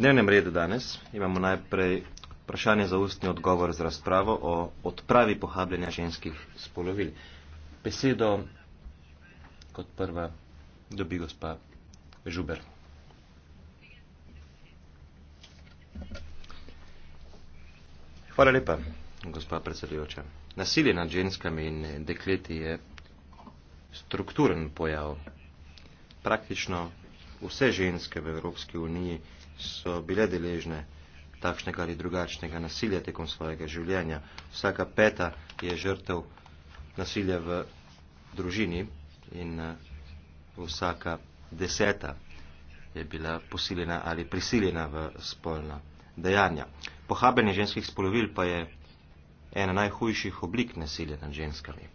dnevnem redu danes imamo najprej vprašanje za ustni odgovor z razpravo o odpravi pohabljanja ženskih spolovil. Besedo kot prva dobi gospa Žuber. Hvala lepa, gospa predsedujoča. Nasilje nad ženskami in dekleti je strukturen pojav. Praktično vse ženske v Evropski uniji so bile deležne takšnega ali drugačnega nasilja tekom svojega življenja. Vsaka peta je žrtev nasilja v družini in eh, vsaka deseta je bila posiljena ali prisiljena v spolna dejanja. Pohabenje ženskih spolovil pa je ena najhujših oblik nasilja nad ženskami.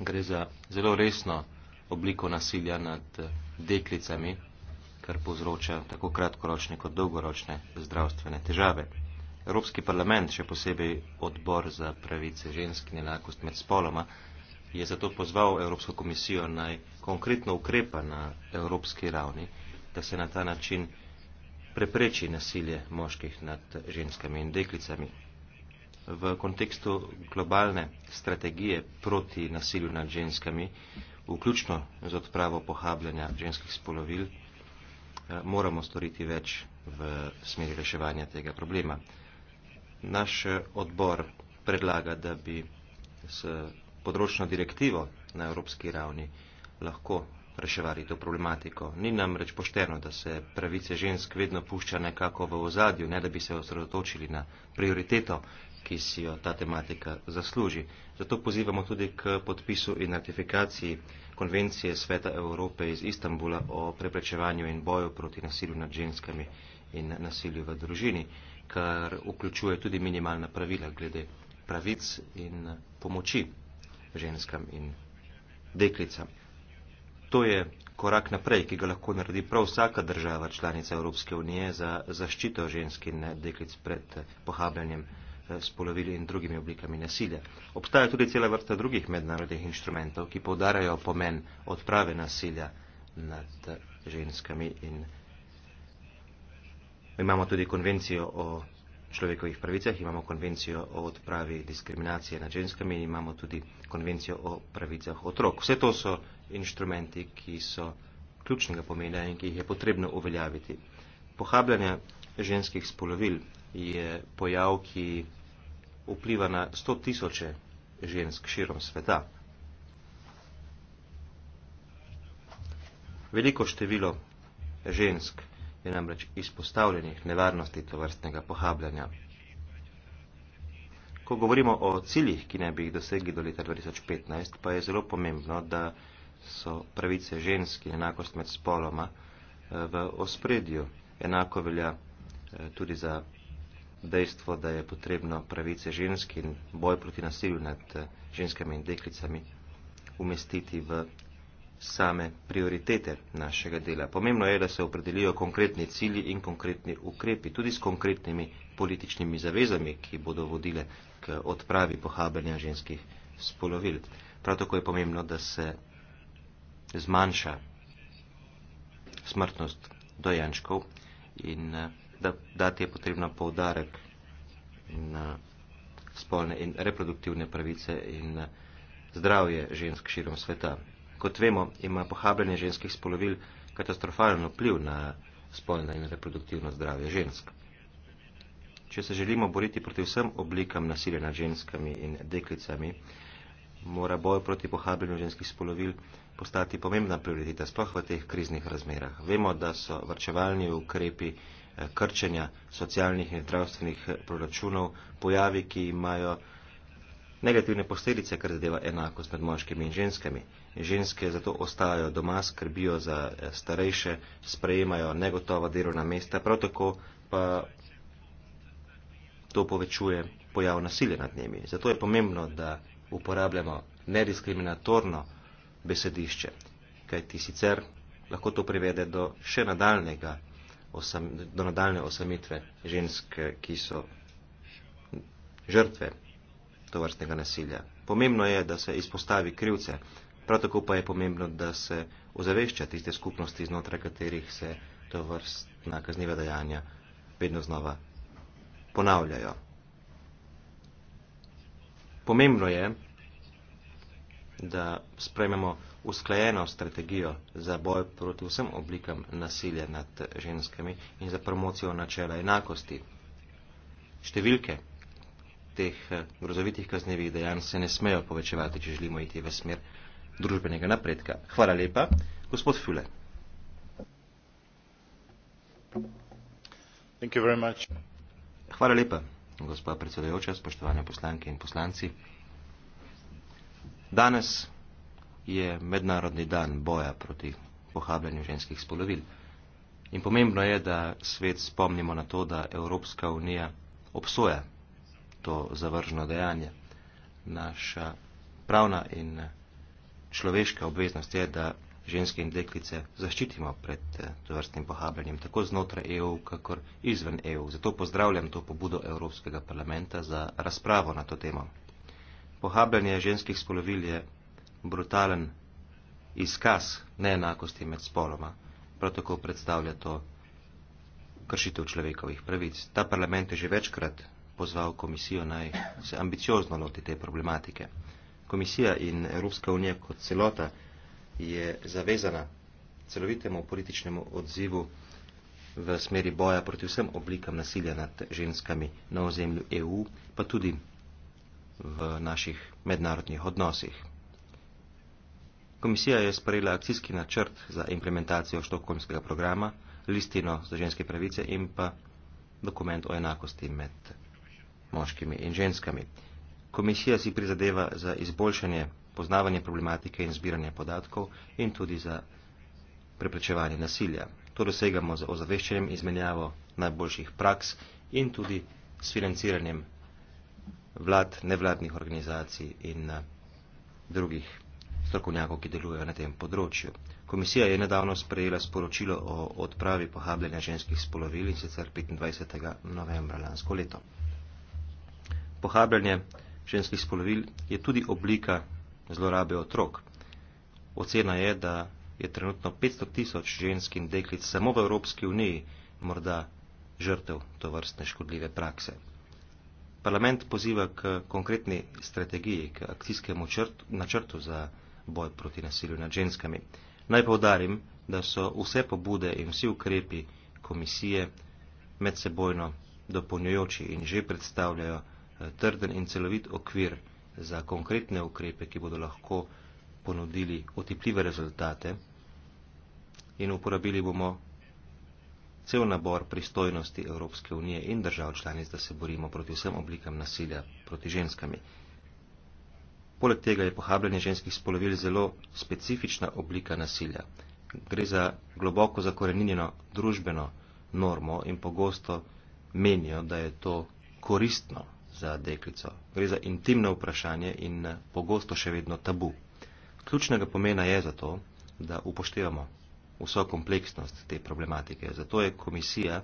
Gre za zelo resno obliko nasilja nad eh, deklicami, kar povzroča tako kratkoročne kot dolgoročne zdravstvene težave. Evropski parlament, še posebej odbor za pravice žensk in enakost med spoloma, je zato pozval Evropsko komisijo naj konkretno ukrepa na evropski ravni, da se na ta način prepreči nasilje moških nad ženskami in deklicami. V kontekstu globalne strategije proti nasilju nad ženskami, vključno z odpravo pohabljanja ženskih spolovil, Eh, moramo storiti več v smeri reševanja tega problema. Naš eh, odbor predlaga, da bi s področno direktivo na evropski ravni lahko reševali to problematiko. Ni nam reč pošteno, da se pravice žensk vedno pušča nekako v ozadju, ne da bi se osredotočili na prioriteto, ki si jo ta tematika zasluži. Zato pozivamo tudi k podpisu in ratifikaciji eh, konvencije Sveta Evrope iz Istanbula o preprečevanju in boju proti nasilju nad ženskami in nasilju v družini, kar vključuje tudi minimalna pravila glede pravic in pomoči ženskam in deklicam. To je korak naprej, ki ga lahko naredi prav vsaka država članica Evropske unije za zaščito ženskih deklic pred pohabljanjem Eh, spolovili in drugimi oblikami nasilja. Obstaja tudi cela vrsta drugih mednarodnih inštrumentov, ki povdarajo pomen odprave nasilja nad ženskami in imamo tudi konvencijo o človekovih pravicah, imamo konvencijo o odpravi diskriminacije nad ženskami in imamo tudi konvencijo o pravicah otrok. Vse to so inštrumenti, ki so ključnega pomena in ki jih je potrebno uveljaviti. Pohabljanje ženskih spolovil je pojav, ki vpliva na sto tisoče žensk širom sveta. Veliko število žensk je namreč izpostavljenih nevarnosti tovrstnega pohabljanja. Ko govorimo o ciljih, ki naj bi jih dosegli do leta 2015, pa je zelo pomembno, da so pravice ženski, enakost med spoloma, eh, v ospredju. Enako velja eh, tudi za dejstvo, da je potrebno pravice žensk in boj proti nasilju nad eh, ženskami in deklicami umestiti v same prioritete našega dela. Pomembno je, da se opredelijo konkretni cilji in konkretni ukrepi, tudi s konkretnimi političnimi zavezami, ki bodo vodile k odpravi pohabljanja ženskih spolovil. Prav tako je pomembno, da se zmanjša smrtnost dojenčkov in uh, da dati je potrebna poudarek na spolne in reproduktivne pravice in zdravje žensk širom sveta. Kot vemo, ima pohabljanje ženskih spolovil katastrofalen vpliv na spolno in reproduktivno zdravje žensk. Če se želimo boriti proti vsem oblikam nasilja nad ženskami in deklicami, mora boj proti pohabljanju ženskih spolovil postati pomembna prioriteta, sploh v teh kriznih razmerah. Vemo, da so vrčevalni ukrepi krčenja socialnih in zdravstvenih proračunov pojavi, ki imajo negativne posledice, kar zadeva enakost med moškimi in ženskami. Ženske zato ostajajo doma, skrbijo za eh, starejše, sprejemajo negotova delovna mesta, prav tako pa to povečuje pojav nasilja nad njimi. Zato je pomembno, da uporabljamo nediskriminatorno besedišče, kajti sicer lahko to privede do še nadaljnega osam, do nadaljne osamitve žensk, ki so žrtve tovrstnega nasilja. Pomembno je, da se izpostavi krivce, prav tako pa je pomembno, da se ozavešča tiste skupnosti, znotraj katerih se tovrstna kazniva dejanja vedno znova ponavljajo. Pomembno je, da sprememo usklajeno strategijo za boj proti vsem oblikam nasilja nad ženskami in za promocijo načela enakosti. Številke teh eh, grozovitih kaznevih dejanj se ne smejo povečevati, če želimo iti v smer družbenega napredka. Hvala lepa, gospod Fule. Thank you very much. Hvala lepa, gospod predsedujoča, spoštovane poslanke in poslanci. Danes je mednarodni dan boja proti pohabljanju ženskih spolovil. In pomembno je, da svet spomnimo na to, da Evropska unija obsoja to zavržno dejanje. Naša pravna in človeška obveznost je, da ženske in deklice zaščitimo pred eh, tovrstnim pohabljanjem, tako znotraj EU, kakor izven EU. Zato pozdravljam to pobudo Evropskega parlamenta za razpravo na to temo. Pohabljanje ženskih spolovil je brutalen izkaz neenakosti med spoloma, prav tako predstavlja to kršitev človekovih pravic. Ta parlament je že večkrat pozval komisijo naj se ambiciozno loti te problematike. Komisija in Evropska unija kot celota je zavezana celovitemu političnemu odzivu v smeri boja proti vsem oblikam nasilja nad ženskami na ozemlju EU, pa tudi v naših mednarodnih odnosih. Komisija je sprejela akcijski načrt za implementacijo štokholmskega programa, listino za ženske pravice in pa dokument o enakosti med moškimi in ženskami. Komisija si prizadeva za izboljšanje poznavanja problematike in zbiranje podatkov in tudi za preprečevanje nasilja. To dosegamo z ozaveščenjem izmenjavo najboljših praks in tudi s financiranjem vlad, nevladnih organizacij in eh, drugih strokovnjakov, ki delujejo na tem področju. Komisija je nedavno sprejela sporočilo o odpravi pohabljanja ženskih spolovil in sicer 25. novembra lansko leto. Pohabljanje ženskih spolovil je tudi oblika zlorabe otrok. Ocena je, da je trenutno 500 tisoč žensk in deklic samo v Evropski uniji morda žrtev to vrstne škodljive prakse. Parlament poziva k konkretni strategiji, k akcijskemu načrtu za boj proti nasilju nad ženskami. Naj povdarim, da so vse pobude in vsi ukrepi komisije medsebojno dopolnjujoči in že predstavljajo eh, trden in celovit okvir za konkretne ukrepe, ki bodo lahko ponudili otipljive rezultate in uporabili bomo cel nabor pristojnosti Evropske unije in držav članic, da se borimo proti vsem oblikam nasilja proti ženskami. Poleg tega je pohabljanje ženskih spolovil zelo specifična oblika nasilja. Gre za globoko zakoreninjeno družbeno normo in pogosto menijo, da je to koristno za deklico. Gre za intimno vprašanje in eh, pogosto še vedno tabu. Ključnega pomena je zato, da upoštevamo vso kompleksnost te problematike. Zato je komisija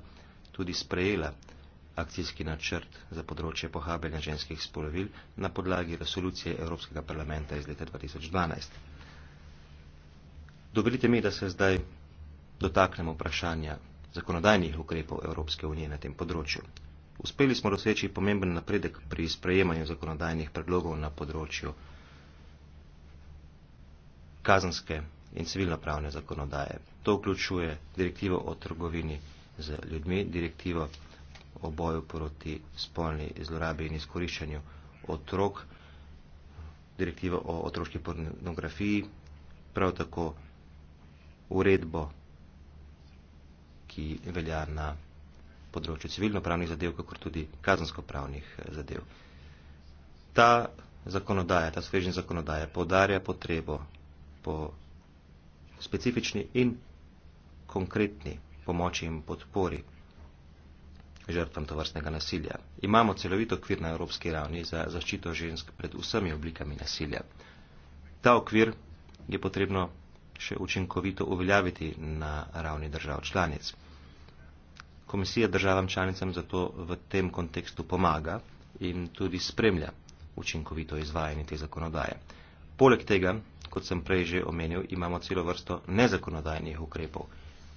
tudi sprejela akcijski načrt za področje pohabljanja ženskih spolovil na podlagi resolucije Evropskega parlamenta iz leta 2012. Dovolite mi, da se zdaj dotaknemo vprašanja zakonodajnih ukrepov Evropske unije na tem področju. Uspeli smo doseči pomemben napredek pri sprejemanju zakonodajnih predlogov na področju kazanske in civilnopravne zakonodaje. To vključuje direktivo o trgovini z ljudmi, direktivo o boju proti spolni zlorabi in izkoriščanju otrok, direktiva o otroški pornografiji, prav tako uredbo, ki velja na področju civilno-pravnih zadev, kakor tudi kazensko-pravnih eh, zadev. Ta zakonodaja, ta svežen zakonodaja podarja potrebo po specifični in konkretni pomoči in podpori žrtvam tovrstnega nasilja. Imamo celovit okvir na evropski ravni za zaščito žensk pred vsemi oblikami nasilja. Ta okvir je potrebno še učinkovito uveljaviti na ravni držav članic. Komisija državam članicam zato v tem kontekstu pomaga in tudi spremlja učinkovito izvajanje te zakonodaje. Poleg tega, kot sem prej že omenil, imamo celo vrsto nezakonodajnih ukrepov,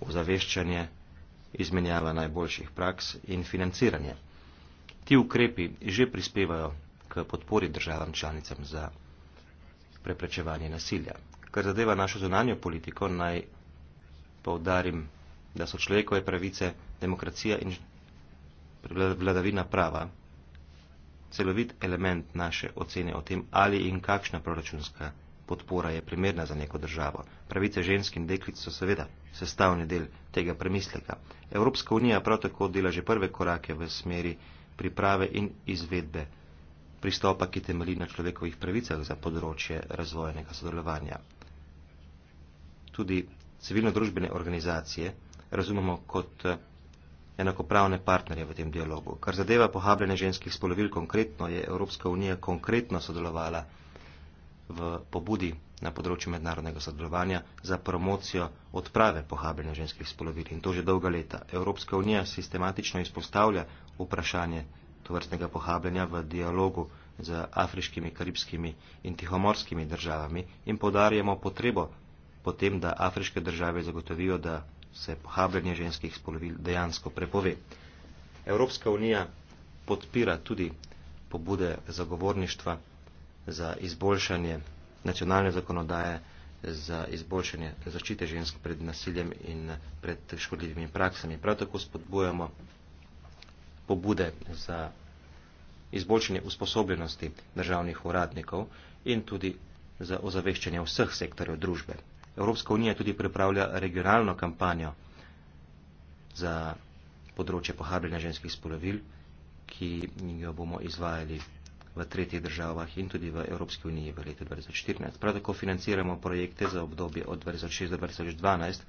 ozaveščanje, izmenjava najboljših praks in financiranje. Ti ukrepi že prispevajo k podpori državam članicam za preprečevanje nasilja. Kar zadeva našo zunanjo politiko, naj povdarim, da so človekove pravice, demokracija in vladavina prava celovit element naše ocene o tem, ali in kakšna proračunska podpora je primerna za neko državo. Pravice ženskim deklic so seveda sestavni del tega premisleka. Evropska unija prav tako dela že prve korake v smeri priprave in izvedbe pristopa, ki temeli na človekovih pravicah za področje razvojnega sodelovanja. Tudi civilno-družbene organizacije razumemo kot eh, enakopravne partnerje v tem dialogu. Kar zadeva pohabljene ženskih spolovil konkretno, je Evropska unija konkretno sodelovala v pobudi na področju mednarodnega sodelovanja za promocijo odprave pohabljenja ženskih spolovil in to že dolga leta. Evropska unija sistematično izpostavlja vprašanje tovrstnega pohabljenja v dialogu z afriškimi, karibskimi in tihomorskimi državami in podarjamo potrebo potem, da afriške države zagotovijo, da se pohabljanje ženskih spolovil dejansko prepove. Evropska unija podpira tudi pobude zagovorništva za izboljšanje nacionalne zakonodaje za izboljšanje zaščite žensk pred nasiljem in pred škodljivimi praksami. Prav tako spodbujamo pobude za izboljšanje usposobljenosti državnih uradnikov in tudi za ozaveščanje vseh sektorjev družbe. Evropska unija tudi pripravlja regionalno kampanjo za področje pohabljanja ženskih spolovil, ki jo bomo izvajali v tretjih državah in tudi v Evropski uniji v letu 2014. Prav tako financiramo projekte za obdobje od 2006 do 2012.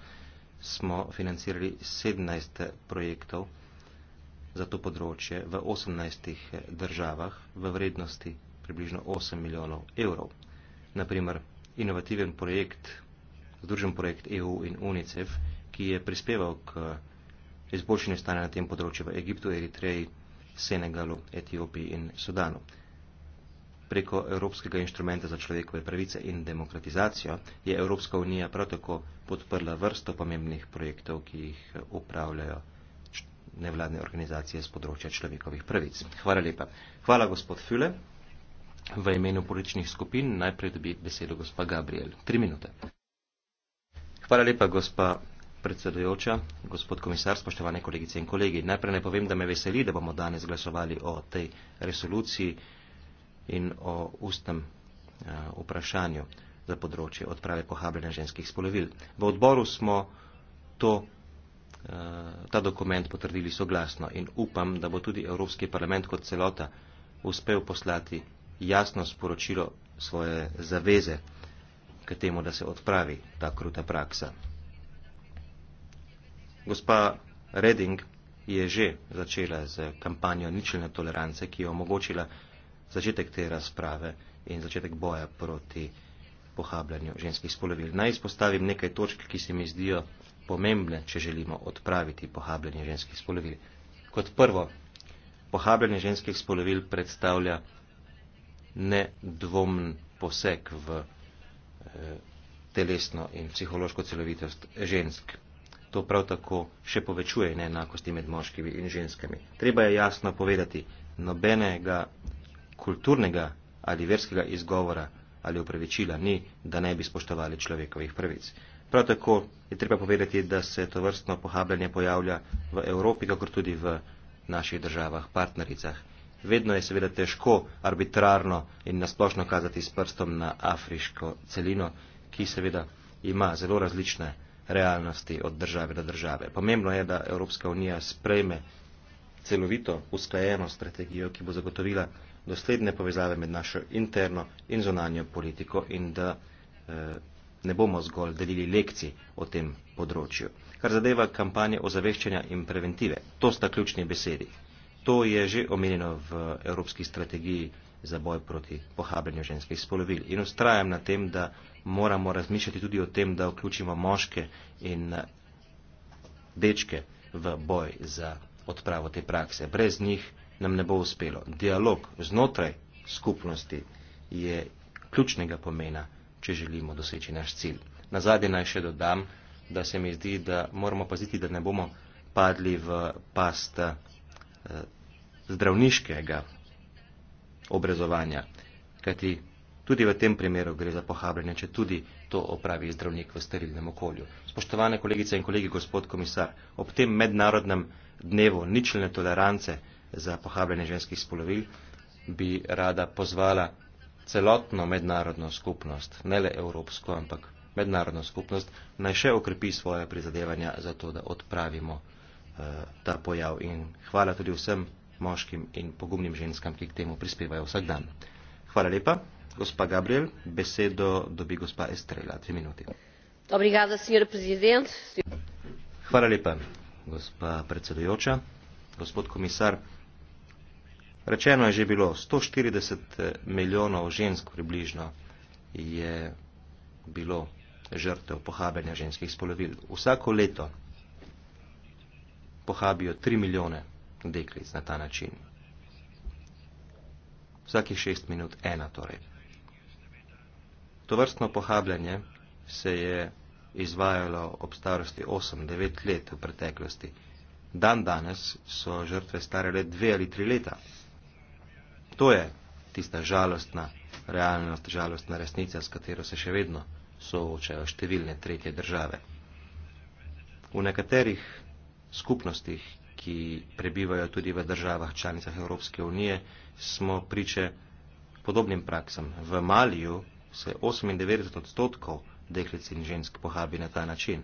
Smo financirali 17 projektov za to področje v 18 državah v vrednosti približno 8 milijonov evrov. Naprimer, inovativen projekt, združen projekt EU in UNICEF, ki je prispeval k izboljšanju stanja na tem področju v Egiptu, Eritreji, Senegalu, Etiopiji in Sudanu preko Evropskega inštrumenta za človekove pravice in demokratizacijo je Evropska unija prav tako podprla vrsto pomembnih projektov, ki jih eh, upravljajo nevladne organizacije z področja človekovih pravic. Hvala lepa. Hvala gospod Füle. V imenu političnih skupin najprej dobi besedo gospa Gabriel. Tri minute. Hvala lepa gospa predsedujoča, gospod komisar, spoštovane kolegice in kolegi. Najprej ne povem, da me veseli, da bomo danes glasovali o tej resoluciji in o ustnem eh, vprašanju za področje odprave pohabljanja ženskih spolovil. V odboru smo to, eh, ta dokument potrdili soglasno in upam, da bo tudi Evropski parlament kot celota uspel poslati jasno sporočilo svoje zaveze k temu, da se odpravi ta kruta praksa. Gospa Reding je že začela z kampanjo ničelne tolerance, ki je omogočila začetek te razprave in začetek boja proti pohabljanju ženskih spolovil. Naj izpostavim nekaj točk, ki se mi zdijo pomembne, če želimo odpraviti pohabljanje ženskih spolovil. Kot prvo, pohabljanje ženskih spolovil predstavlja nedvomn poseg v eh, telesno in psihološko celovitost žensk. To prav tako še povečuje neenakosti med moškimi in ženskami. Treba je jasno povedati, nobenega kulturnega ali verskega izgovora ali upravičila ni, da ne bi spoštovali človekovih pravic. Prav tako je treba povedati, da se to vrstno pohabljanje pojavlja v Evropi, kakor tudi v naših državah, partnericah. Vedno je seveda težko arbitrarno in nasplošno kazati s prstom na afriško celino, ki seveda ima zelo različne realnosti od države do države. Pomembno je, da Evropska unija sprejme celovito usklajeno strategijo, ki bo zagotovila dosledne povezave med našo interno in zonanjo politiko in da eh, ne bomo zgolj delili lekcij o tem področju. Kar zadeva kampanje ozaveščanja in preventive, to sta ključni besedi. To je že omenjeno v Evropski strategiji za boj proti pohabljanju ženskih spolovil. In ustrajam na tem, da moramo razmišljati tudi o tem, da vključimo moške in dečke v boj za odpravo te prakse. Brez njih nam ne bo uspelo. Dialog znotraj skupnosti je ključnega pomena, če želimo doseči naš cilj. Na zadnje naj še dodam, da se mi zdi, da moramo paziti, da ne bomo padli v past eh, zdravniškega obrazovanja, kajti tudi v tem primeru gre za pohabljanje, če tudi to opravi zdravnik v sterilnem okolju. Spoštovane kolegice in kolegi, gospod komisar, ob tem mednarodnem dnevu ničelne tolerance, za pohabljanje ženskih spolovil, bi rada pozvala celotno mednarodno skupnost, ne le evropsko, ampak mednarodno skupnost, naj še okrepi svoje prizadevanja za to, da odpravimo uh, ta pojav. In hvala tudi vsem moškim in pogumnim ženskam, ki k temu prispevajo vsak dan. Hvala lepa. Gospa Gabriel, besedo dobi gospa Estrela. Tri minuti. Obrigada, hvala lepa, gospa predsedujoča. Gospod komisar, Rečeno je že bilo, 140 eh, milijonov žensk približno je bilo žrtev pohabenja ženskih spolovil. Vsako leto pohabijo 3 milijone deklic na ta način. Vsakih 6 minut ena torej. To vrstno pohabljanje se je izvajalo ob starosti 8-9 let v preteklosti. Dan danes so žrtve stare le 2 ali 3 leta. To je tista žalostna realnost, žalostna resnica, s katero se še vedno soočajo številne tretje države. V nekaterih skupnostih, ki prebivajo tudi v državah članicah Evropske unije, smo priče podobnim praksam. V Maliju se 98 odstotkov deklic in žensk pohabi na ta način.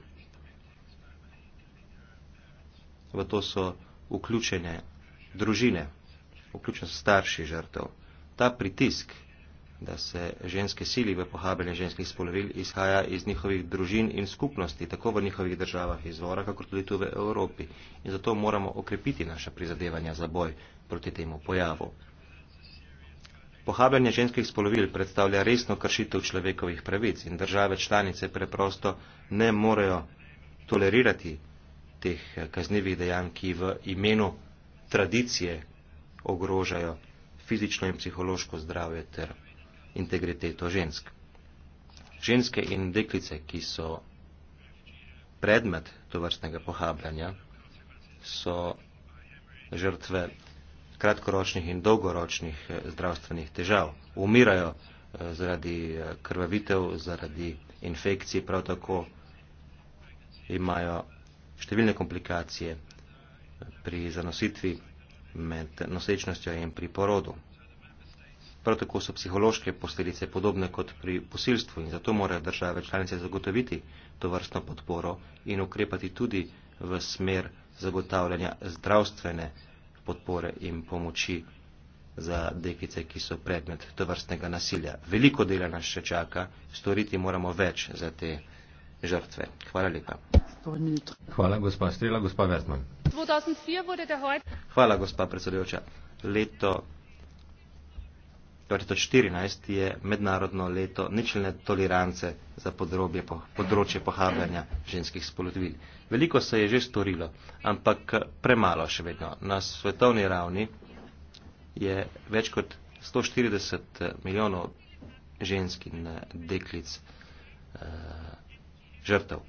V to so vključene družine, vključno s starši žrtev. Ta pritisk, da se ženske sili v pohabljanje ženskih spolovil, izhaja iz njihovih družin in skupnosti, tako v njihovih državah izvora, kakor tudi tu v Evropi. In zato moramo okrepiti naša prizadevanja za boj proti temu pojavu. Pohabljanje ženskih spolovil predstavlja resno kršitev človekovih pravic in države članice preprosto ne morejo tolerirati teh kaznivih dejanj, ki v imenu tradicije ogrožajo fizično in psihološko zdravje ter integriteto žensk. Ženske in deklice, ki so predmet tovrstnega pohabljanja, so žrtve kratkoročnih in dolgoročnih eh, zdravstvenih težav. Umirajo eh, zaradi eh, krvavitev, zaradi infekcij, prav tako imajo številne komplikacije pri zanositvi med nosečnostjo in pri porodu. Prav tako so psihološke posledice podobne kot pri posilstvu in zato morajo države članice zagotoviti to vrstno podporo in ukrepati tudi v smer zagotavljanja zdravstvene podpore in pomoči za dekice, ki so predmet to vrstnega nasilja. Veliko dela nas še čaka, storiti moramo več za te žrtve. Hvala lepa. Hvala, gospa Strela, gospa Vesman. Hvala, gospa predsedujoča. Leto 2014 je mednarodno leto ničelne tolerance za podrobje, področje pohabljanja ženskih spolotvil. Veliko se je že storilo, ampak premalo še vedno. Na svetovni ravni je več kot 140 milijonov žensk in eh, deklic eh, žrtev.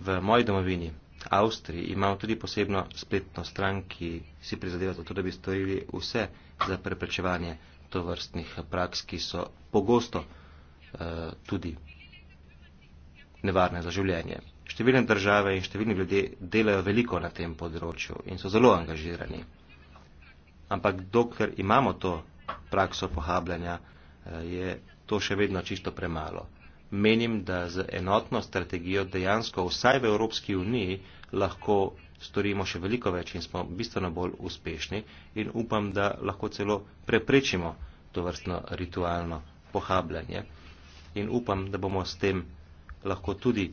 V moji domovini Avstriji imamo tudi posebno spletno stran, ki si prizadeva za to, da bi storili vse za preprečevanje tovrstnih praks, ki so pogosto eh, tudi nevarne za življenje. Številne države in številni ljudje delajo veliko na tem področju in so zelo angažirani. Ampak dokler imamo to prakso pohabljanja, eh, je to še vedno čisto premalo menim, da z enotno strategijo dejansko vsaj v Evropski uniji lahko storimo še veliko več in smo bistveno bolj uspešni in upam, da lahko celo preprečimo to vrstno ritualno pohabljanje in upam, da bomo s tem lahko tudi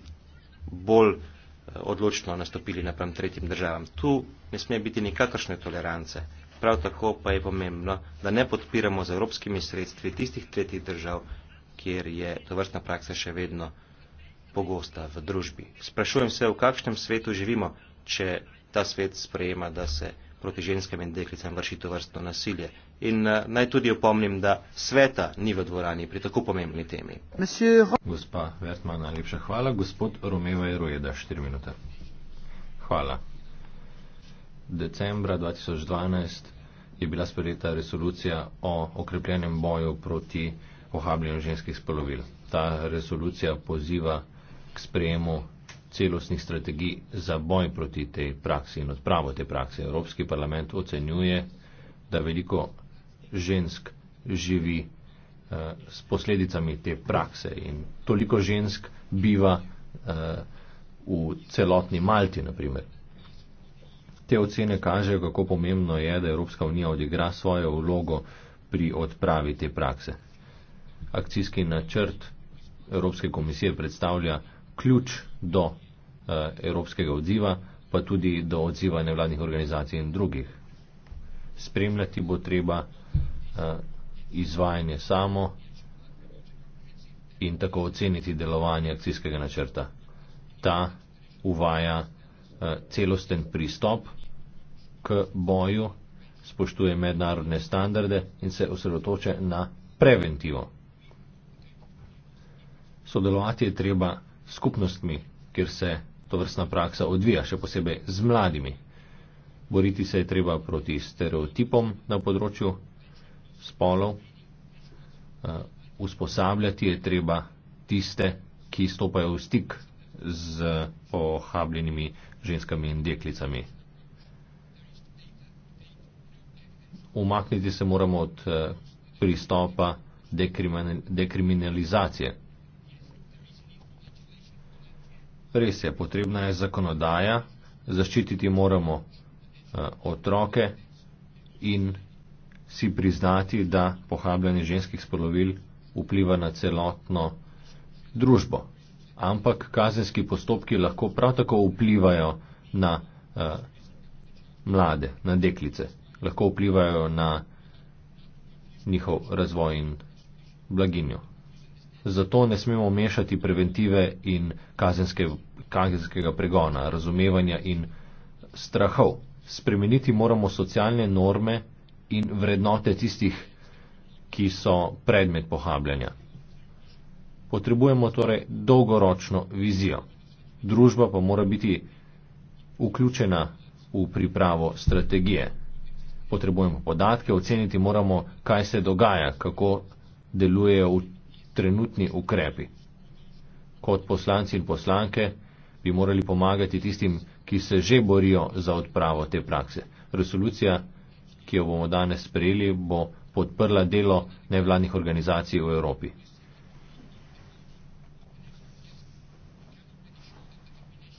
bolj eh, odločno nastopili napram tretjim državam. Tu ne sme biti nikakršne tolerance. Prav tako pa je pomembno, da ne podpiramo z evropskimi sredstvi tistih tretjih držav, kjer je tovrstna praksa še vedno pogosta v družbi. Sprašujem se, v kakšnem svetu živimo, če ta svet sprejema, da se proti ženskem in deklicam vrši tovrstno nasilje. In eh, naj tudi opomnim, da sveta ni v dvorani pri tako pomembni temi. Gospa Vertman, najlepša hvala. Gospod Romeva je rojeda, 4 minute. Hvala. Decembra 2012 je bila sprejeta resolucija o okrepljenem boju proti ohabljanju ženskih spolovil. Ta resolucija poziva k sprejemu celostnih strategij za boj proti tej praksi in odpravo te prakse. Evropski parlament ocenjuje, da veliko žensk živi eh, s posledicami te prakse in toliko žensk biva eh, v celotni Malti, naprimer. Te ocene kažejo, kako pomembno je, da Evropska unija odigra svojo vlogo pri odpravi te prakse akcijski načrt Evropske komisije predstavlja ključ do eh, evropskega odziva, pa tudi do odziva nevladnih organizacij in drugih. Spremljati bo treba eh, izvajanje samo in tako oceniti delovanje akcijskega načrta. Ta uvaja eh, celosten pristop k boju, spoštuje mednarodne standarde in se osredotoča na preventivo sodelovati je treba s skupnostmi, kjer se to vrstna praksa odvija, še posebej z mladimi. Boriti se je treba proti stereotipom na področju spolov, eh, usposabljati je treba tiste, ki stopajo v stik z pohabljenimi ženskami in deklicami. Umakniti se moramo od eh, pristopa dekriminalizacije. Res je, potrebna je zakonodaja, zaščititi moramo eh, otroke in si priznati, da pohabljanje ženskih spolovil vpliva na celotno družbo. Ampak kazenski postopki lahko prav tako vplivajo na eh, mlade, na deklice, lahko vplivajo na njihov razvoj in blaginjo zato ne smemo mešati preventive in kazenske, kazenskega pregona, razumevanja in strahov. Spremeniti moramo socialne norme in vrednote tistih, ki so predmet pohabljanja. Potrebujemo torej dolgoročno vizijo. Družba pa mora biti vključena v pripravo strategije. Potrebujemo podatke, oceniti moramo, kaj se dogaja, kako delujejo trenutni ukrepi. Kot poslanci in poslanke bi morali pomagati tistim, ki se že borijo za odpravo te prakse. Resolucija, ki jo bomo danes sprejeli, bo podprla delo nevladnih organizacij v Evropi.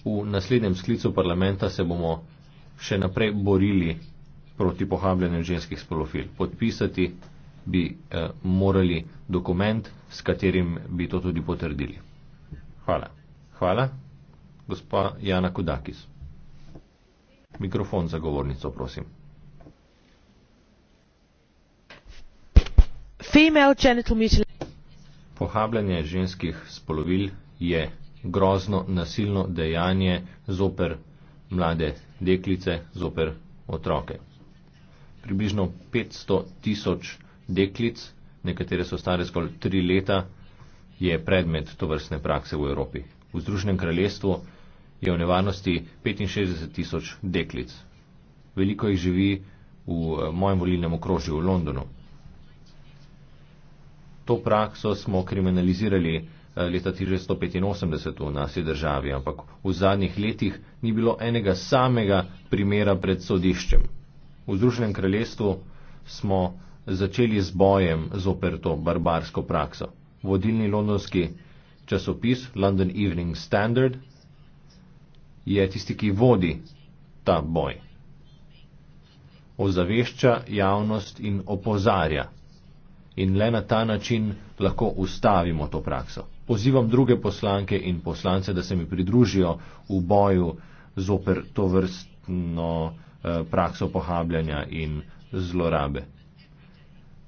V naslednjem sklicu parlamenta se bomo še naprej borili proti pohabljanju ženskih spolofil. Podpisati bi eh, morali dokument, s katerim bi to tudi potrdili. Hvala. Hvala. Gospa Jana Kudakis. Mikrofon za govornico, prosim. Pohabljanje ženskih spolovil je grozno nasilno dejanje zoper mlade deklice, zoper otroke. Približno 500 tisoč deklic, nekatere so stare zgolj tri leta, je predmet tovrstne prakse v Evropi. V Združenem kraljestvu je v nevarnosti 65 tisoč deklic. Veliko jih živi v eh, mojem volilnem okrožju v Londonu. To prakso smo kriminalizirali eh, leta 1985 v nasi državi, ampak v zadnjih letih ni bilo enega samega primera pred sodiščem. V Združenem kraljestvu smo začeli z bojem zoper to barbarsko prakso. Vodilni londonski časopis London Evening Standard je tisti, ki vodi ta boj. Ozavešča javnost in opozarja. In le na ta način lahko ustavimo to prakso. Pozivam druge poslanke in poslance, da se mi pridružijo v boju zoper to vrstno eh, prakso pohabljanja in zlorabe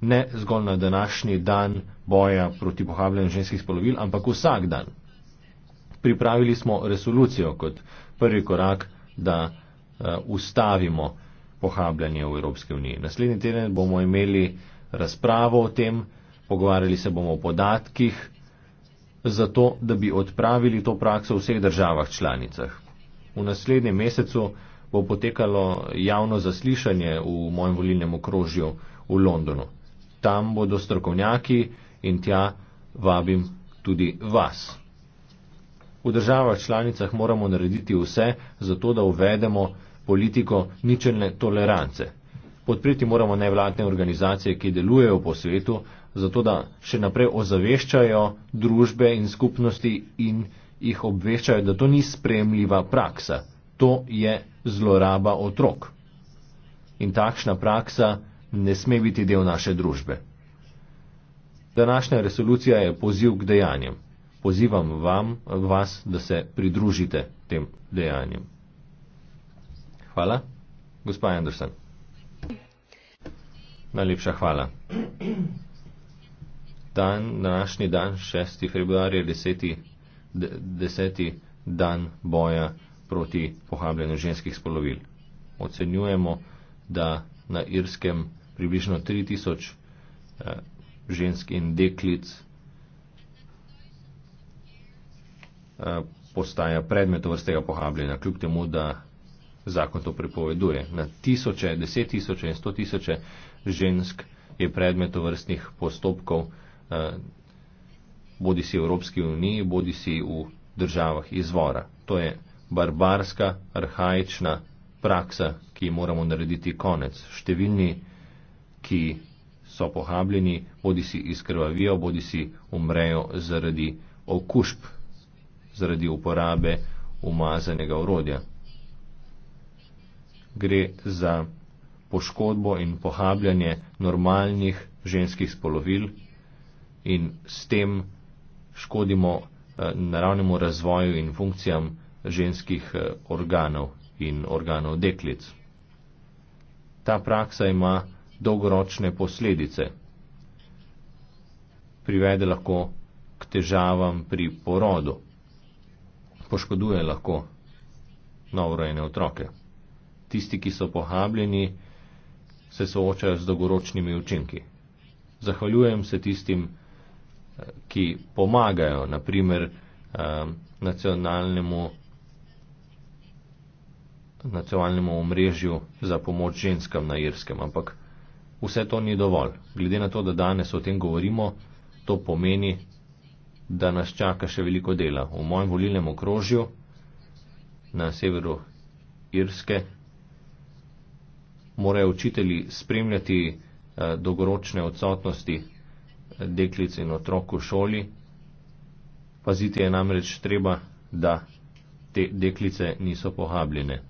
ne zgolj na današnji dan boja proti pohabljanju ženskih spolovil, ampak vsak dan. Pripravili smo resolucijo kot prvi korak, da uh, ustavimo pohabljanje v Evropske unije. Naslednji teden bomo imeli razpravo o tem, pogovarjali se bomo o podatkih, zato da bi odpravili to prakso v vseh državah članicah. V naslednjem mesecu bo potekalo javno zaslišanje v mojem volilnem okrožju v Londonu tam bodo strokovnjaki in tja vabim tudi vas. V državah članicah moramo narediti vse, zato da uvedemo politiko ničelne tolerance. Podpriti moramo nevladne organizacije, ki delujejo po svetu, zato da še naprej ozaveščajo družbe in skupnosti in jih obveščajo, da to ni spremljiva praksa. To je zloraba otrok. In takšna praksa ne sme biti del naše družbe. Današnja resolucija je poziv k dejanjem. Pozivam vam, vas, da se pridružite tem dejanjem. Hvala. Gospa Anderson. Najlepša hvala. Dan, današnji dan, 6. februar je 10. 10. dan boja proti pohabljanju ženskih spolovil. Ocenjujemo, da na irskem približno 3000 eh, žensk in deklic eh, postaja predmet vrstega pohabljenja, kljub temu, da zakon to prepoveduje. Na tisoče, deset tisoče in sto tisoče žensk je predmet vrstnih postopkov, eh, bodi si v Evropski uniji, bodi si v državah izvora. To je barbarska, arhajična praksa, ki moramo narediti konec. Številni ki so pohabljeni, bodi si izkrvavijo, bodi si umrejo zaradi okužb, zaradi uporabe umazanega urodja. Gre za poškodbo in pohabljanje normalnih ženskih spolovil in s tem škodimo eh, naravnemu razvoju in funkcijam ženskih eh, organov in organov deklic. Ta praksa ima dolgoročne posledice. Privede lahko k težavam pri porodu, poškoduje lahko novorojene otroke. Tisti, ki so pohabljeni, se soočajo z dolgoročnimi učinki. Zahvaljujem se tistim, ki pomagajo, naprimer eh, nacionalnemu, nacionalnemu omrežju za pomoč ženskam na Irskem, ampak vse to ni dovolj. Glede na to, da danes o tem govorimo, to pomeni, da nas čaka še veliko dela. V mojem volilnem okrožju na severu Irske morajo učitelji spremljati eh, dolgoročne odsotnosti eh, deklic in otrok v šoli. Paziti je namreč treba, da te deklice niso pohabljene.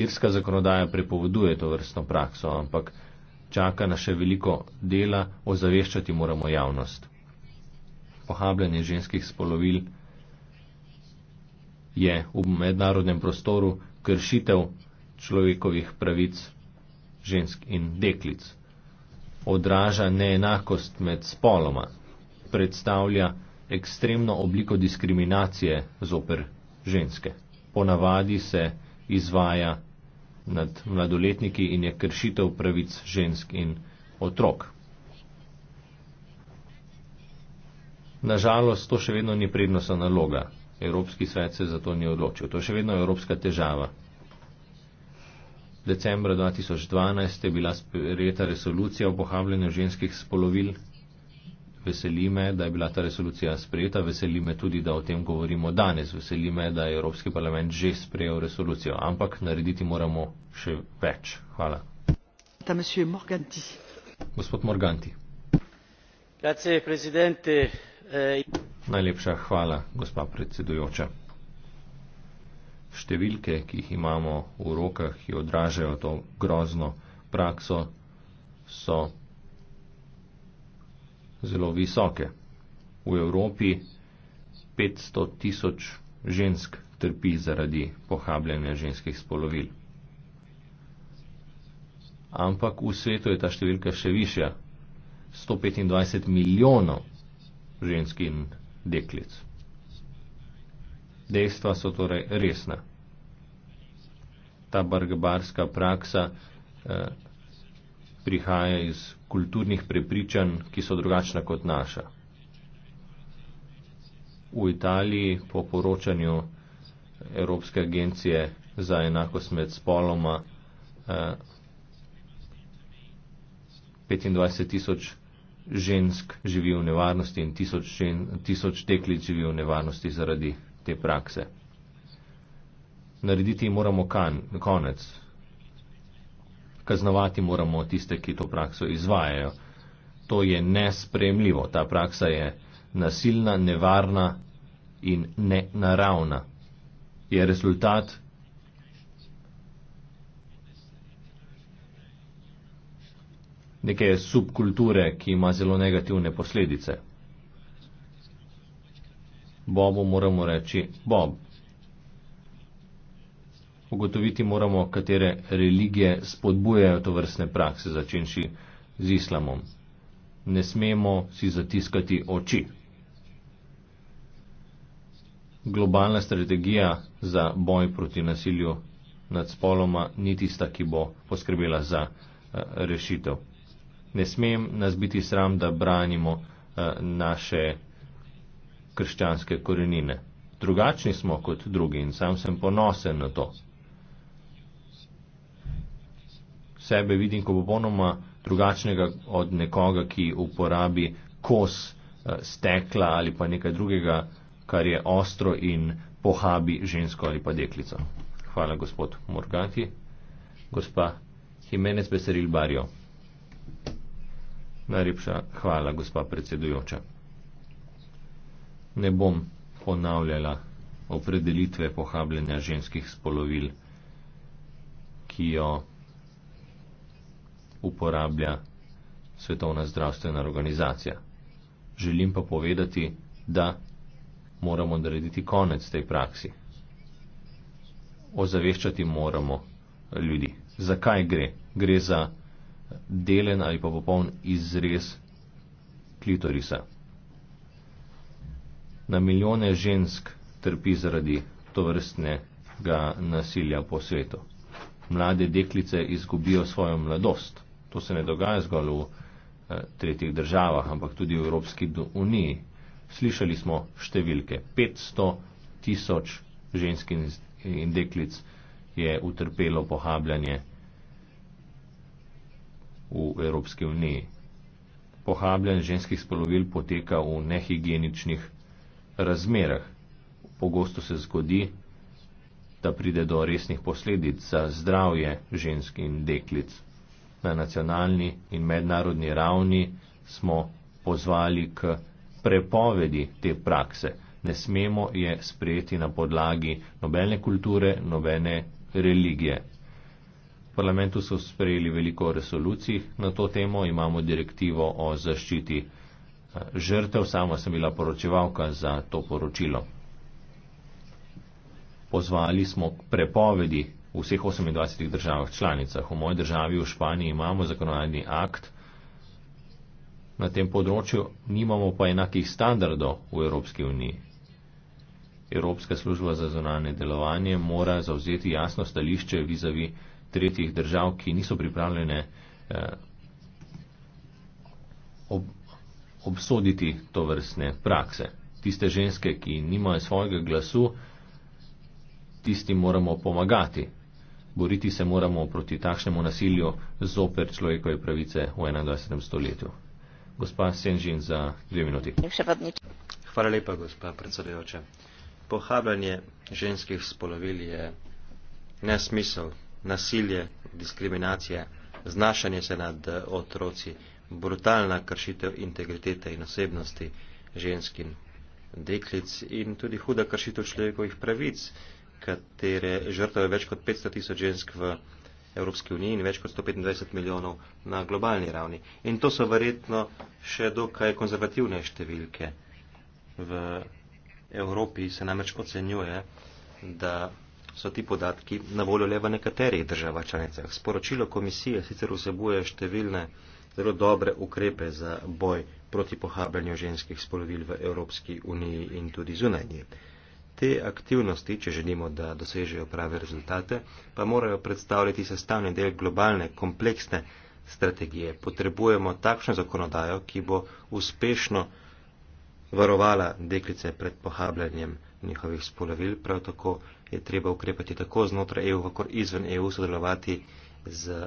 Irska zakonodaja prepoveduje to vrstno prakso, ampak čaka na še veliko dela, ozaveščati moramo javnost. Pohabljanje ženskih spolovil je v mednarodnem prostoru kršitev človekovih pravic žensk in deklic. Odraža neenakost med spoloma, predstavlja ekstremno obliko diskriminacije zoper ženske. Ponavadi se izvaja nad mladoletniki in je kršitev pravic žensk in otrok. Nažalost, to še vedno ni prednostna naloga. Evropski svet se za to ni odločil. To je še vedno evropska težava. Decembra 2012 je bila sprejeta resolucija o pohabljanju ženskih spolovil Veseli me, da je bila ta resolucija sprejeta, veseli me tudi, da o tem govorimo danes, veseli me, da je Evropski parlament že sprejel resolucijo, ampak narediti moramo še več. Hvala. Morganti. Gospod Morganti. Grazie, eh, Najlepša hvala, gospa predsedujoča. Številke, ki jih imamo v rokah, ki odražajo to grozno prakso, so zelo visoke. V Evropi 500 tisoč žensk trpi zaradi pohabljanja ženskih spolovil. Ampak v svetu je ta številka še višja. 125 milijonov žensk in deklic. Dejstva so torej resna. Ta barbarska praksa eh, prihaja iz kulturnih prepričanj, ki so drugačna kot naša. V Italiji po poročanju Evropske agencije za enakost med spoloma eh, 25 tisoč žensk živi v nevarnosti in tisoč, žen, tisoč teklic živi v nevarnosti zaradi te prakse. Narediti moramo kan, konec kaznovati moramo tiste, ki to prakso izvajajo. To je nespremljivo, ta praksa je nasilna, nevarna in nenaravna. Je rezultat neke subkulture, ki ima zelo negativne posledice. Bobu moramo reči Bob ugotoviti moramo, katere religije spodbujajo to vrstne prakse, začenši z islamom. Ne smemo si zatiskati oči. Globalna strategija za boj proti nasilju nad spoloma ni tista, ki bo poskrbela za eh, rešitev. Ne smem nas biti sram, da branimo eh, naše krščanske korenine. Drugačni smo kot drugi in sam sem ponosen na to. sebe vidim kot popolnoma drugačnega od nekoga, ki uporabi kos eh, stekla ali pa nekaj drugega, kar je ostro in pohabi žensko ali pa deklico. Hvala, gospod Morgati. Gospa Jimenez Beseril Barjo. Najlepša hvala, gospa predsedujoča. Ne bom ponavljala opredelitve pohabljanja ženskih spolovil, ki jo uporablja Svetovna zdravstvena organizacija. Želim pa povedati, da moramo narediti konec tej praksi. Ozaveščati moramo ljudi. Zakaj gre? Gre za delen ali pa popoln izrez klitorisa. Na milijone žensk trpi zaradi tovrstnega nasilja po svetu. Mlade deklice izgubijo svojo mladost to se ne dogaja zgolj v eh, tretjih državah, ampak tudi v Evropski uniji. Slišali smo številke. 500 tisoč žensk in deklic je utrpelo pohabljanje v Evropski uniji. Pohabljanje ženskih spolovil poteka v nehigieničnih razmerah. Pogosto se zgodi, da pride do resnih posledic za zdravje žensk in deklic na nacionalni in mednarodni ravni smo pozvali k prepovedi te prakse. Ne smemo je sprejeti na podlagi nobene kulture, nobene religije. V parlamentu so sprejeli veliko resolucij na to temo, imamo direktivo o zaščiti eh, žrtev, sama sem bila poročevalka za to poročilo. Pozvali smo k prepovedi v vseh 28 državah članicah. V moji državi v Španiji imamo zakonodajni akt na tem področju, nimamo pa enakih standardov v Evropski uniji. Evropska služba za zonalne delovanje mora zauzeti jasno stališče vizavi tretjih držav, ki niso pripravljene eh, ob, obsoditi to vrstne prakse. Tiste ženske, ki nimajo svojega glasu, tisti moramo pomagati. Boriti se moramo proti takšnemu nasilju zoper človekove pravice v 21. stoletju. Gospa Senžin za dve minuti. Hvala lepa, gospa predsedujoča. Pohabljanje ženskih spolovil je nesmisel, nasilje, diskriminacija, znašanje se nad otroci, brutalna kršitev integritete in osebnosti ženskin deklic in tudi huda kršitev človekovih pravic, katere žrtve več kot 500 tisoč žensk v Evropski uniji in več kot 125 milijonov na globalni ravni. In to so verjetno še dokaj konzervativne številke. V Evropi se namreč ocenjuje, da so ti podatki na voljo le v nekaterih državah članicah. Sporočilo komisije sicer vsebuje številne zelo dobre ukrepe za boj proti pohabljanju ženskih spolovil v Evropski uniji in tudi zunaj njih te aktivnosti, če želimo, da dosežejo prave rezultate, pa morajo predstavljati sestavni del globalne, kompleksne strategije. Potrebujemo takšno zakonodajo, ki bo uspešno varovala deklice pred pohabljanjem njihovih spolovil. Prav tako je treba ukrepati tako znotraj EU, kot izven EU sodelovati z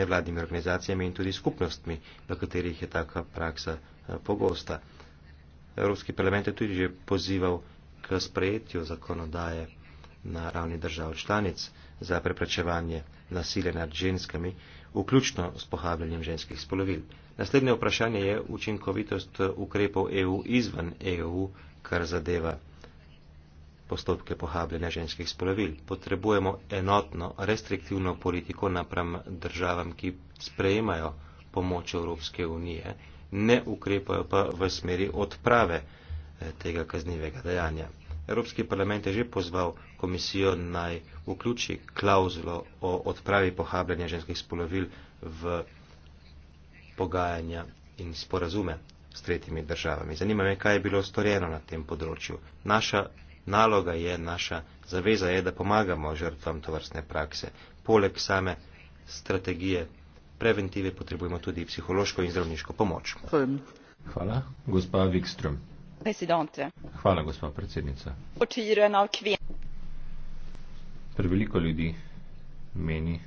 nevladnimi organizacijami in tudi skupnostmi, v katerih je taka praksa eh, pogosta. Evropski parlament je tudi že pozival k sprejetju zakonodaje na ravni držav članic za preprečevanje nasilja nad ženskami, vključno s pohabljanjem ženskih spolovil. Naslednje vprašanje je učinkovitost ukrepov EU izvan EU, kar zadeva postopke pohabljanja ženskih spolovil. Potrebujemo enotno, restriktivno politiko napram državam, ki sprejemajo pomoč Evropske unije, ne ukrepajo pa v smeri odprave Eh, tega kaznivega dejanja. Evropski parlament je že pozval komisijo naj vključi klauzulo o odpravi pohabljanja ženskih spolovil v pogajanja in sporazume s tretjimi državami. Zanima me, kaj je bilo storjeno na tem področju. Naša naloga je, naša zaveza je, da pomagamo žrtvam tovrstne prakse. Poleg same strategije preventive potrebujemo tudi psihološko in zdravniško pomoč. Hvala. Gospa Wikström. Hvala, gospa predsednica. Preveliko ljudi meni,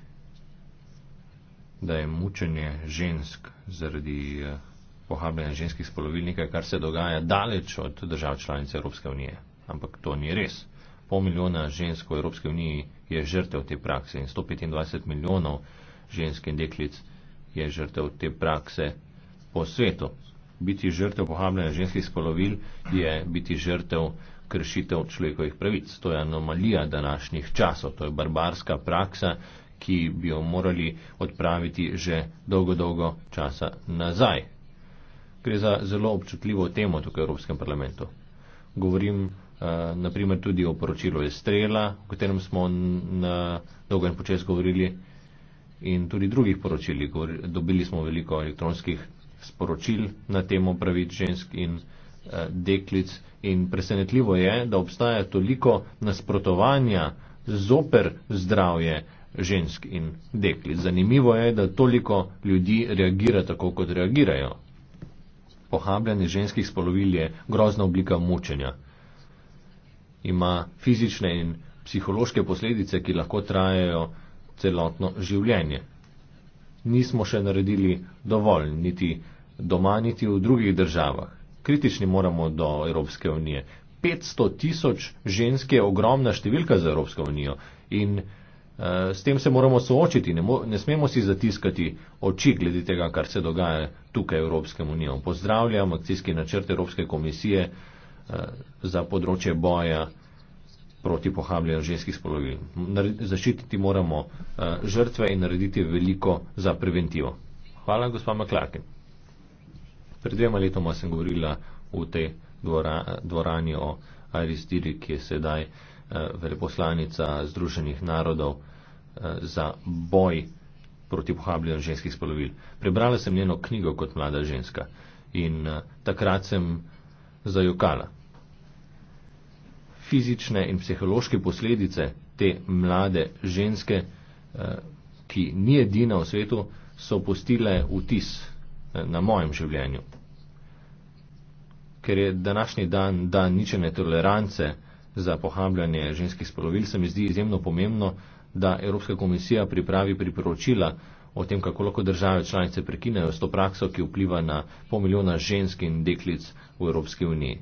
da je mučenje žensk zaradi eh, pohabljanja ženskih spolovil nekaj, kar se dogaja daleč od držav članice Evropske unije. Ampak to ni res. Pol milijona žensk v Evropske uniji je žrtev te prakse in 125 milijonov žensk in deklic je žrtev te prakse po svetu biti žrtev pohabljanja ženskih spolovil je biti žrtev kršitev človekovih pravic. To je anomalija današnjih časov, to je barbarska praksa, ki bi jo morali odpraviti že dolgo, dolgo časa nazaj. Gre za zelo občutljivo temo tukaj v Evropskem parlamentu. Govorim uh, eh, naprimer tudi o poročilu Estrela, o katerem smo na dolgo in počes govorili, in tudi drugih poročili. Govor, dobili smo veliko elektronskih sporočil na temo pravic žensk in eh, deklic. In presenetljivo je, da obstaja toliko nasprotovanja zoper zdravje žensk in deklic. Zanimivo je, da toliko ljudi reagira tako, kot reagirajo. Pohabljanje ženskih spolovil je grozna oblika mučenja. Ima fizične in psihološke posledice, ki lahko trajajo celotno življenje nismo še naredili dovolj, niti doma, niti v drugih državah. Kritični moramo do Evropske unije. 500 tisoč žensk je ogromna številka za Evropsko unijo in uh, s tem se moramo soočiti. Ne, mo ne smemo si zatiskati oči glede tega, kar se dogaja tukaj Evropske unijo. Pozdravljam akcijski načrt Evropske komisije uh, za področje boja uh, proti pohabljanju ženskih spolovil. Zaščititi moramo eh, žrtve in narediti veliko za preventivo. Hvala, gospa Maklaken. Pred dvema letoma sem govorila v tej dvorani o Iris Diri, ki je sedaj eh, veleposlanica Združenih narodov eh, za boj proti pohabljanju ženskih spolovil. Prebrala sem njeno knjigo kot mlada ženska in takrat sem zajokala fizične in psihološke posledice te mlade ženske, eh, ki ni edina v svetu, so postile vtis eh, na mojem življenju. Ker je današnji dan dan ničene tolerance za pohabljanje ženskih spolovil, se mi zdi izjemno pomembno, da Evropska komisija pripravi priporočila o tem, kako lahko države članice prekinejo s to prakso, ki vpliva na pol milijona žensk in deklic v Evropski uniji.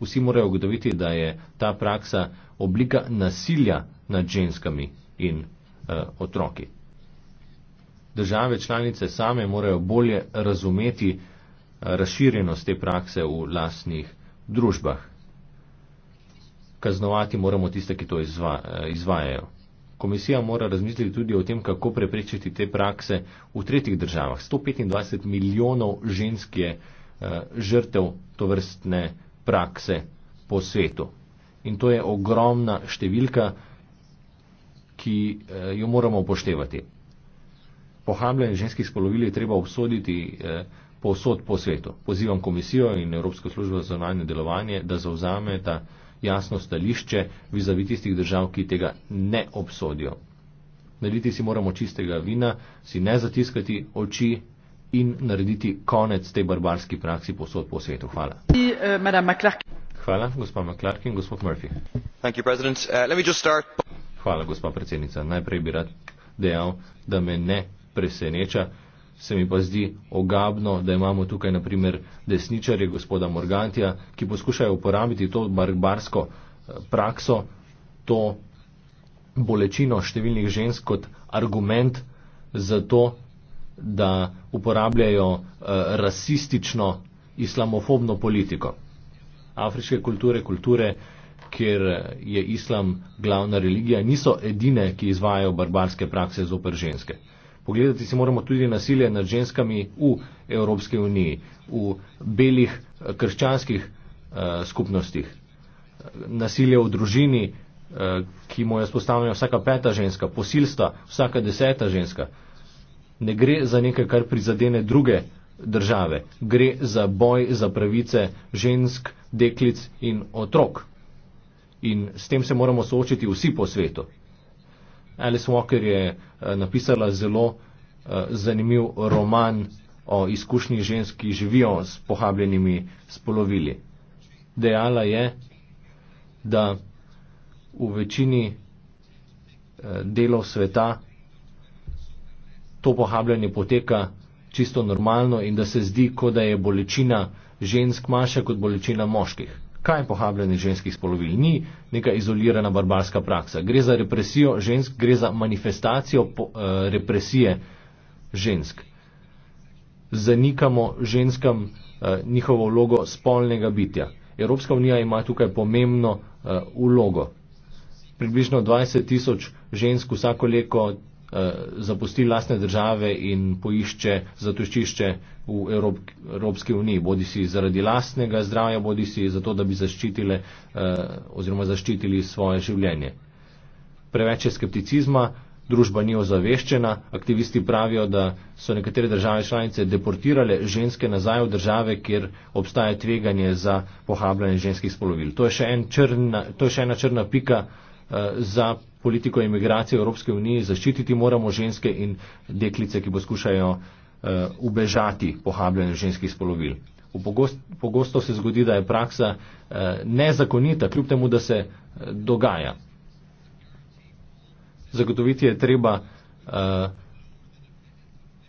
Vsi morajo ugotoviti, da je ta praksa oblika nasilja nad ženskami in eh, otroki. Države članice same morajo bolje razumeti eh, razširjenost te prakse v lastnih družbah. Kaznovati moramo tiste, ki to izva, eh, izvajajo. Komisija mora razmisliti tudi o tem, kako preprečiti te prakse v tretjih državah. 125 milijonov žensk je uh, žrtev to vrstne prakse po svetu. In to je ogromna številka, ki eh, jo moramo upoštevati. Pohabljanje ženskih spolovil je treba obsoditi eh, povsod po svetu. Pozivam komisijo in Evropsko službo za zonalno delovanje, da zauzameta jasno stališče vizavi tistih držav, ki tega ne obsodijo. Naliti si moramo čistega vina, si ne zatiskati oči in narediti konec tej barbarski praksi posod po svetu. Hvala. Eh, Hvala, gospa McClark in gospod Murphy. You, uh, Hvala, gospa predsednica. Najprej bi rad dejal, da me ne preseneča. Se mi pa zdi ogabno, da imamo tukaj naprimer desničarje gospoda Morgantija, ki poskušajo uporabiti to barbarsko eh, prakso, to bolečino številnih žensk kot argument za to, da uporabljajo uh, rasistično islamofobno politiko. Afriške kulture, kulture, kjer eh, je islam glavna religija, niso edine, ki izvajajo barbarske prakse zoper ženske. Pogledati si moramo tudi nasilje nad ženskami v Evropski uniji, v belih eh, krščanskih uh, skupnostih. Nasilje v družini, uh, ki mu je spostavljena vsaka peta ženska, posilstva vsaka deseta ženska. Uh, ne gre za nekaj, kar prizadene druge države. Gre za boj za pravice žensk, deklic in otrok. In s tem se moramo soočiti vsi po svetu. Alice Walker je eh, napisala zelo eh, zanimiv roman o izkušnji žensk, ki živijo s pohabljenimi spolovili. Dejala je, da v večini eh, delov sveta to pohabljanje poteka čisto normalno in da se zdi, kot da je bolečina žensk manjša kot bolečina moških. Kaj je pohabljanje ženskih spolovil? Ni neka izolirana barbarska praksa. Gre za represijo žensk, gre za manifestacijo po, uh, represije žensk. Zanikamo ženskam uh, njihovo vlogo spolnega bitja. Evropska unija ima tukaj pomembno uh, vlogo. Približno 20 tisoč žensk vsako leko Eh, zapusti lastne države in poišče zatočišče v Evrop, Evropski uniji, bodi si zaradi lastnega zdravja, bodi si zato, da bi zaščitile eh, oziroma zaščitili svoje življenje. Preveč je skepticizma, družba ni ozaveščena, aktivisti pravijo, da so nekatere države članice deportirale ženske nazaj v države, kjer obstaja tveganje za pohabljanje ženskih spolovil. To je še, en črna, to je še ena črna pika eh, za politiko imigracije Evropske unije, zaščititi moramo ženske in deklice, ki poskušajo uh, ubežati pohabljanje ženskih spolovil. Pogost, pogosto se zgodi, da je praksa uh, nezakonita, kljub temu, da se uh, dogaja. Zagotoviti je treba uh,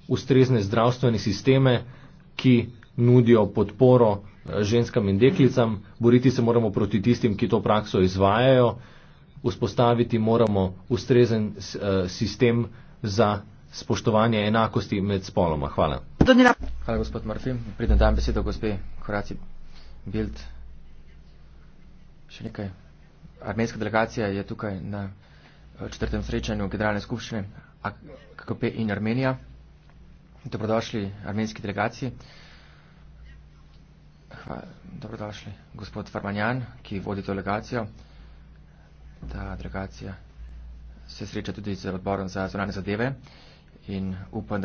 ustrezne zdravstvene sisteme, ki nudijo podporo ženskam in deklicam, boriti se moramo proti tistim, ki to prakso izvajajo vzpostaviti moramo ustrezen eh, sistem za spoštovanje enakosti med spoloma. Hvala. Hvala, gospod Murphy. Pridem dan besedo, gospe Horaci Bild. Še nekaj. Armenska delegacija je tukaj na eh, četrtem srečanju generalne skupščine AKP in Armenija. Dobrodošli armenski delegaciji. Hvala. Dobrodošli gospod Farmanjan, ki vodi to delegacijo ta delegacija se sreča tudi z odborom za zvonane zadeve in upam,